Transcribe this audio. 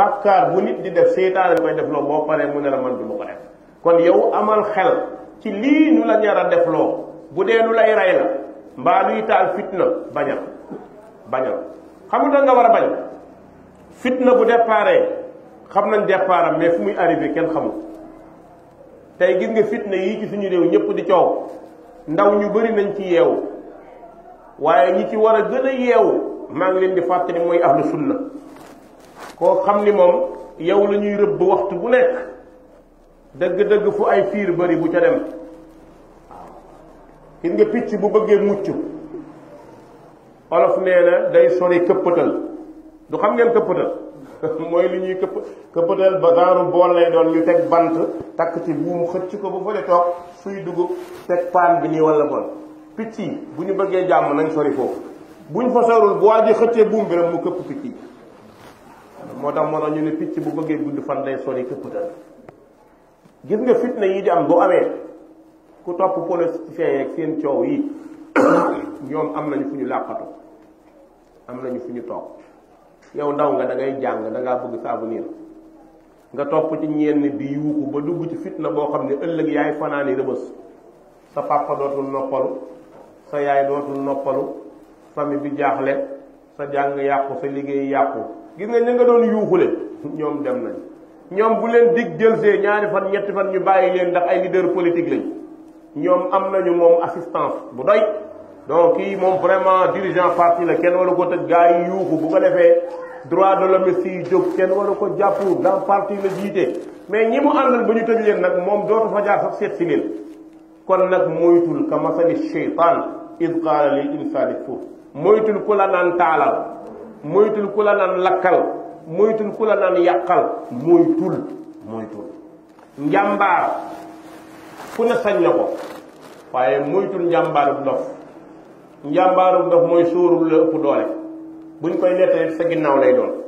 bàkkaar bu nit di def seytaane la koy def loo boo paree mu ne man du ma ko def kon yow amal xel ci lii nu la ñar a bu dee lu lay rey la mbaa luy taal fitna bañal bañal xam nga nga war a bañ fitna bu déparé xam nañ départam mais fu muy arrivé kenn xamul tey gis nga fitna yii ci suñu réew ñëpp di coow ndaw ñu bari nañ ci yeewu waaye ñi ci war a gën a yeewu maa ngi leen di fàttali mooy ahlu sunna koo xam ni moom yow lañuy ñuy rëbb waxtu bu nekk dëgg-dëgg fu ay fiir bari bu ca dem waaw gis nga picc bu bëggee mucc olof nee na day sori këppatal du xam ngeen këppatal mooy li ñuy këpp këppatal ba daaru bool lay doon ñu teg bant takk ci buum xëcc ko ba fële toog suy dugub teg paan bi nii wala bon picc yi bu ñu bëggee jàmm nañ sori foofu buñ fa sorul bu waa ji xëccee buum bi rek mu këpp picc yi moo tax moo tax ñu ne picc bu bëggee gudd fan lay sori këpputal gis nga fitna yi di am bu amee ku topp politiciens yeeg seen coow yi ñoom am nañu fu ñu làqatu am nañu fu ñu toog yow ndaw nga dangay jàng da ngaa bëgg sa avenir nga topp ci ñenn di yuuxu ba dugg ci fitna boo xam ne ëllëg yaay fanaani rëbës sa papa dootul noppalu sa yaay dootul noppalu famille bi jaaxle sa jàng yàqu sa liggéey yàqu gis nga ña nga doon yuuxule ñoom dem nañ ñoom bu leen dig delsee ñaari fan ñetti fan ñu bàyyi leen ndax ay leader politique lañ ñoom am nañu moom assistance bu doy donc kii moom vraiment dirigeant parti la kenn waru ko tëj gaa yi yuuxu bu ko defee droit de l'homme si jóg kenn waru ko jàpp dans parti la jiite mais ñi mu àndal ba ñu tëj leen nag moom dootu fa jaar sax seet si leen kon nag moytul ka masali cheytaan id qaala lil moytul ku la naan taalal moytul ku la naan lakkal moytul ku la naan yàqal moytul moytul njàmbaar ku ne sañ na ko waaye moytul bu dof njàmbaarub dof mooy sóorul la ëpp doole buñ koy nettali sa ginnaaw lay doon